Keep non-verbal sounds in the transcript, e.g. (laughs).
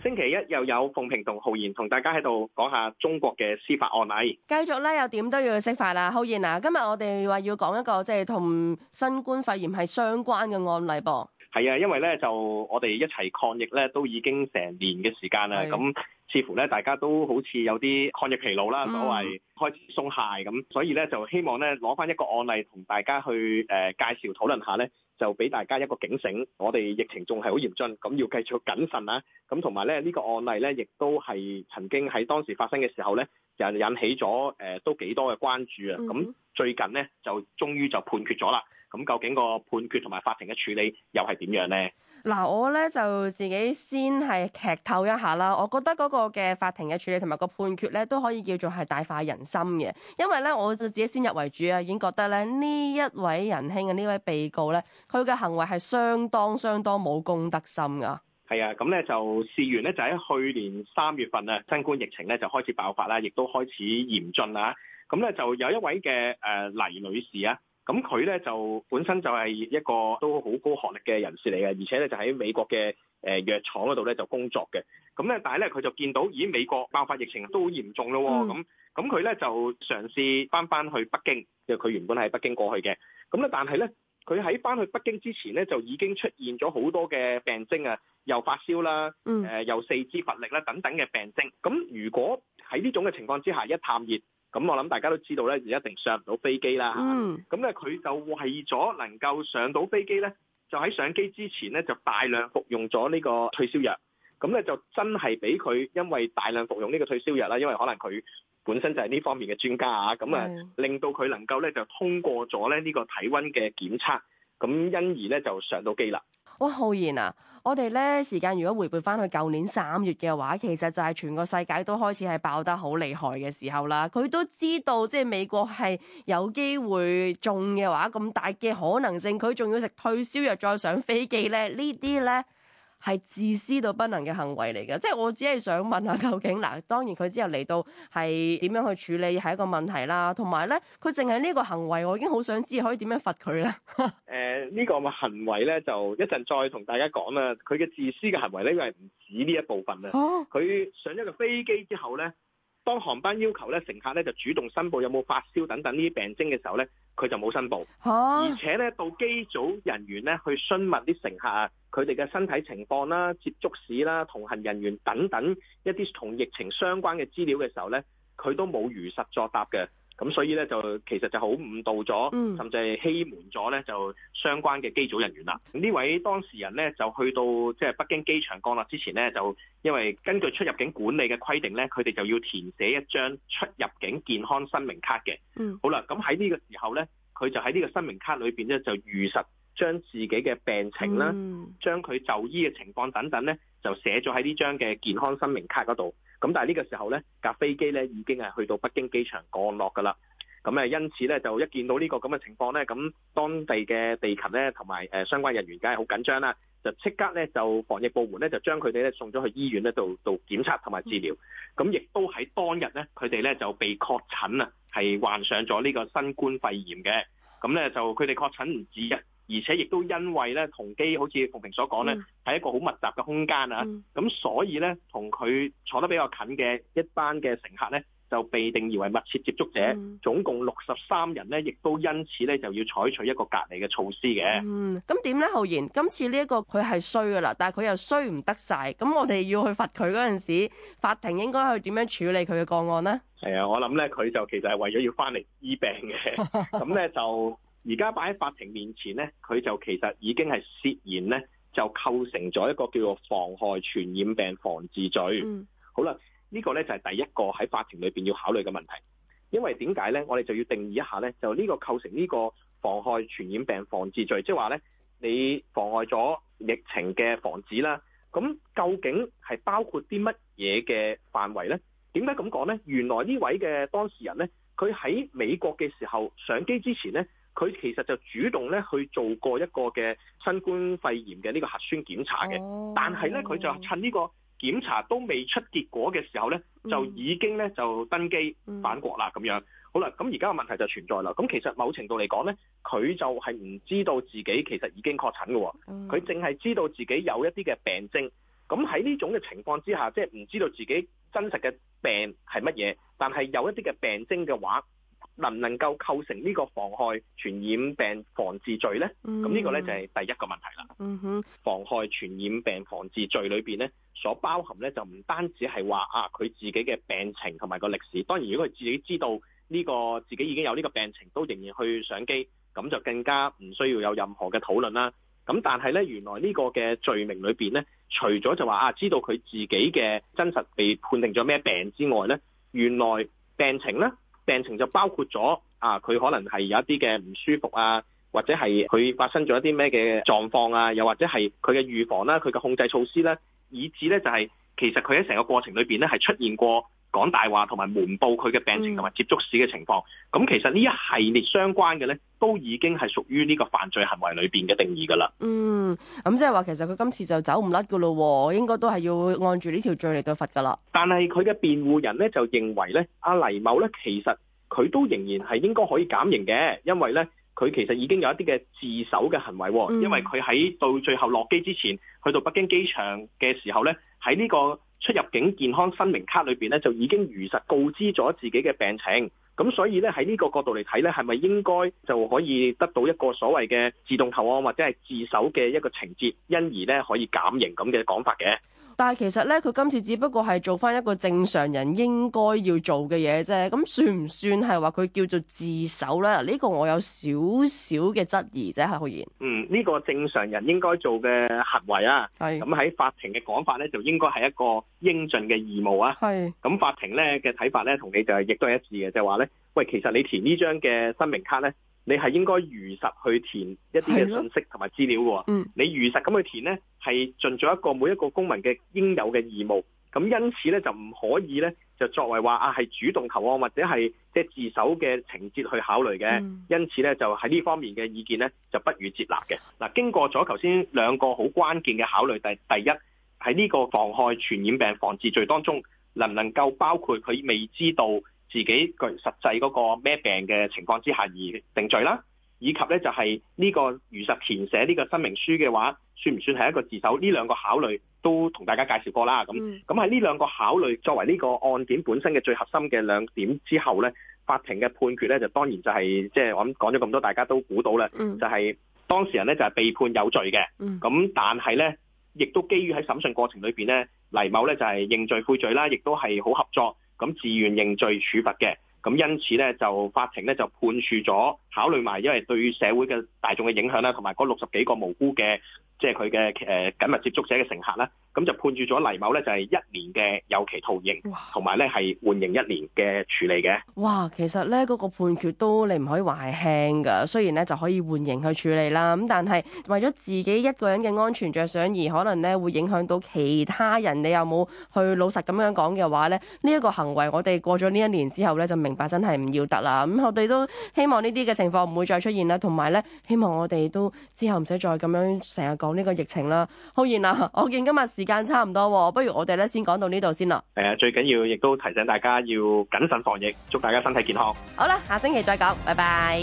星期一又有鳳萍同浩然同大家喺度講下中國嘅司法案例。繼續咧，又點都要識法啦！浩然啊，今日我哋話要講一個即係同新冠肺炎係相關嘅案例噃。係啊，因為咧就我哋一齊抗疫咧都已經成年嘅時間啦，咁的似乎咧大家都好似有啲抗疫疲勞啦，所謂開始鬆懈咁，嗯、所以咧就希望咧攞翻一個案例同大家去誒、呃、介紹討論下咧。就俾大家一個警醒，我哋疫情仲係好嚴峻，咁要繼續謹慎啦、啊。咁同埋咧，呢、這個案例咧，亦都係曾經喺當時發生嘅時候咧，就引起咗誒、呃、都幾多嘅關注啊。咁最近咧，就終於就判決咗啦。咁究竟個判決同埋法庭嘅處理又係點樣咧？嗱，我咧就自己先係劇透一下啦。我覺得嗰個嘅法庭嘅處理同埋個判決咧，都可以叫做係大快人心嘅。因為咧，我就自己先入為主啊，已經覺得咧呢一位仁兄嘅呢位被告咧，佢嘅行為係相當相當冇公德心㗎。係啊，咁咧就事緣咧就喺去年三月份啊，新冠疫情咧就開始爆發啦，亦都開始嚴峻啦。咁咧就有一位嘅誒、呃、黎女士啊。咁佢咧就本身就係一個都好高學歷嘅人士嚟嘅，而且咧就喺美國嘅誒、呃、藥廠嗰度咧就工作嘅。咁咧，但係咧佢就見到，咦？美國爆發疫情都好嚴重咯，咁咁佢咧就嘗試翻翻去北京，因為佢原本喺北京過去嘅。咁咧，但係咧佢喺翻去北京之前咧，就已經出現咗好多嘅病徵啊，又發燒啦，誒、嗯呃、又四肢乏力啦等等嘅病徵。咁如果喺呢種嘅情況之下，一探熱。咁我諗大家都知道咧，就一定上唔到飛機啦。嗯，咁咧佢就為咗能夠上到飛機咧，就喺上機之前咧，就大量服用咗呢個退燒藥。咁咧就真係俾佢因為大量服用呢個退燒藥啦，因為可能佢本身就係呢方面嘅專家啊。咁啊的，令到佢能夠咧就通過咗咧呢個體温嘅檢測，咁因而咧就上到機啦。哇，浩然啊，我哋呢時間如果回撥翻去舊年三月嘅話，其實就係全個世界都開始係爆得好厲害嘅時候啦。佢都知道即係美國係有機會中嘅話，咁大嘅可能性，佢仲要食退燒藥再上飛機呢？呢啲呢。係自私到不能嘅行為嚟嘅，即係我只係想問下究竟。嗱，當然佢之後嚟到係點樣去處理係一個問題啦，同埋咧佢淨係呢個行為，我已經好想知可以點樣罰佢啦。誒、 (laughs) 呃，呢、呢個行為咧就一陣再同大家講啦。佢嘅自私嘅行為呢個係唔止呢一部分啦。哦、啊，佢上咗個飛機之後咧。當航班要求咧乘客咧就主動申報有冇發燒等等呢啲病徵嘅時候咧，佢就冇申報，啊、而且咧到機組人員咧去詢問啲乘客佢哋嘅身體情況啦、接觸史啦、同行人員等等一啲同疫情相關嘅資料嘅時候咧，佢都冇如實作答嘅。咁所以咧就其實就好誤導咗，嗯、甚至係欺瞞咗咧就相關嘅機組人員啦。呢位當事人咧就去到即係北京機場降落之前咧，就因為根據出入境管理嘅規定咧，佢哋就要填寫一張出入境健康申明卡嘅。嗯。好啦，咁喺呢個時候咧，佢就喺呢個申明卡裏邊咧就如實將自己嘅病情啦，將佢、嗯、就醫嘅情況等等咧，就寫咗喺呢張嘅健康申明卡嗰度。咁但係呢個時候咧，架飛機咧已經係去到北京機場降落㗎啦，咁誒因此咧就一見到呢個咁嘅情況咧，咁當地嘅地勤咧同埋誒相關人員梗係好緊張啦，就即刻咧就防疫部門咧就將佢哋咧送咗去醫院咧度做檢測同埋治療，咁亦都喺當日咧佢哋咧就被確診啊，係患上咗呢個新冠肺炎嘅，咁咧就佢哋確診唔止一。而且亦都因為咧，同機好似馮平所講咧，係、嗯、一個好密集嘅空間啊，咁、嗯、所以咧，同佢坐得比較近嘅一班嘅乘客咧，就被定義為密切接觸者，嗯、總共六十三人咧，亦都因此咧就要採取一個隔離嘅措施嘅。嗯，咁點咧？浩然，今次呢一個佢係衰㗎喇，但係佢又衰唔得晒。咁我哋要去罰佢嗰陣時，法庭應該去點樣處理佢嘅個案咧？係啊，我諗咧，佢就其實係為咗要翻嚟醫病嘅，咁咧就。 (laughs) 而家擺喺法庭面前咧，佢就其實已經係涉嫌咧，就構成咗一個叫做妨害傳染病防治罪。嗯、好啦，呢個咧就係第一個喺法庭裏邊要考慮嘅問題。因為點解咧，我哋就要定義一下咧，就呢個構成呢個妨害傳染病防治罪，即係話咧，你妨礙咗疫情嘅防止啦。咁究竟係包括啲乜嘢嘅範圍咧？點解咁講咧？原來呢位嘅當事人咧。佢喺美國嘅時候上機之前呢，佢其實就主動咧去做過一個嘅新冠肺炎嘅呢個核酸檢查嘅，哦、但係呢，佢、嗯、就趁呢個檢查都未出結果嘅時候呢，就已經呢就登機返國啦咁、嗯、樣。好啦，咁而家嘅問題就存在啦。咁其實某程度嚟講呢，佢就係唔知道自己其實已經確診嘅、哦，佢淨係知道自己有一啲嘅病徵。咁喺呢種嘅情況之下，即係唔知道自己。真實嘅病係乜嘢？但係有一啲嘅病徵嘅話，能唔能夠構成呢個妨害傳染病防治罪呢？咁呢、mm hmm. 個呢，就係第一個問題啦。妨、mm hmm. 害傳染病防治罪裏邊呢，所包含呢，就唔單止係話啊，佢自己嘅病情同埋個歷史。當然，如果佢自己知道呢個自己已經有呢個病情，都仍然去上機，咁就更加唔需要有任何嘅討論啦。咁但係呢，原來呢個嘅罪名裏邊呢。除咗就話啊，知道佢自己嘅真實被判定咗咩病之外呢，原來病情呢，病情就包括咗啊，佢可能係有一啲嘅唔舒服啊，或者係佢發生咗一啲咩嘅狀況啊，又或者係佢嘅預防啦、啊，佢嘅控制措施咧，以至呢，就係其實佢喺成個過程裏邊呢，係出現過講大話同埋瞞報佢嘅病情同埋接觸史嘅情況，咁、嗯、其實呢一系列相關嘅呢，都已經係屬於呢個犯罪行為裏邊嘅定義㗎啦。嗯，咁即係話其實佢今次就走唔甩㗎咯，應該都係要按住呢條罪嚟到罰㗎啦。但係佢嘅辯護人呢，就認為呢阿、啊、黎某呢，其實佢都仍然係應該可以減刑嘅，因為呢，佢其實已經有一啲嘅自首嘅行為，因為佢喺到最後落機之前，去到北京機場嘅時候呢，喺呢、呢個，出入境健康申明卡裏邊咧，就已經如實告知咗自己嘅病情，咁所以咧，喺呢個角度嚟睇咧，係咪應該就可以得到一個所謂嘅自動投案或者係自首嘅一個情節，因而咧可以減刑咁嘅講法嘅？但係其實咧，佢今次只不過係做翻一個正常人應該要做嘅嘢啫，咁算唔算係話佢叫做自首咧？呢個我有少少嘅質疑啫，李浩然。嗯，呢個正常人應該做嘅行為啊，咁喺是法庭嘅講法咧，就應該係一個應盡嘅義務啊。係是。咁法庭咧嘅睇法咧，同你就係亦都係一致嘅，就係話咧，喂，其實你填呢張嘅申明卡咧。你係應該如實去填一啲嘅信息同埋資料嘅喎，你如實咁去填呢，係盡咗一個每一個公民嘅應有嘅義務。咁因此呢，就唔可以呢，就作為話啊，係主動投案或者係即係自首嘅情節去考慮嘅。因此呢，就喺呢方面嘅意見呢，就不予接納嘅。嗱，經過咗頭先兩個好關鍵嘅考慮，第第一喺呢個妨害傳染病防治罪當中，能唔能夠包括佢未知道？自己具實際嗰個咩病嘅情況之下而定罪啦，以及咧就係、是、呢個如實填寫呢個聲明書嘅話，算唔算係一個自首？呢兩個考慮都同大家介紹過啦。咁咁喺呢兩個考慮作為呢個案件本身嘅最核心嘅兩點之後咧，法庭嘅判決咧就當然就係即係我諗講咗咁多，大家都估到啦、嗯。就係當事人咧就係被判有罪嘅。咁、嗯、但係咧亦都基於喺審訊過程裏邊咧，黎某咧就係、是、認罪悔罪啦，亦都係好合作。咁自願認罪處罰嘅，咁因此咧就法庭咧就判處咗，考慮埋因為對社會嘅大眾嘅影響啦，同埋嗰六十幾個無辜嘅，即係佢嘅誒緊密接觸者嘅乘客啦。咁、嗯、就判處咗黎某呢就係、是、一年嘅有期徒刑，同埋哇呢係緩刑一年嘅處理嘅。哇，其實呢嗰、那個判決都你唔可以話係輕噶，雖然呢就可以緩刑去處理啦，咁但係為咗自己一個人嘅安全着想，而可能呢會影響到其他人，你又冇去老實咁樣講嘅話呢呢一、這個行為，我哋過咗呢一年之後呢，就明白真係唔要得啦。咁、嗯、我哋都希望呢啲嘅情況唔會再出現啦，同埋呢希望我哋都之後唔使再咁樣成日講呢個疫情啦。浩然啊，我見今日時間差唔多，不如我哋咧先講到呢度先啦。誒，最緊要亦都提醒大家要謹慎防疫，祝大家身體健康。好啦，下星期再講，拜拜。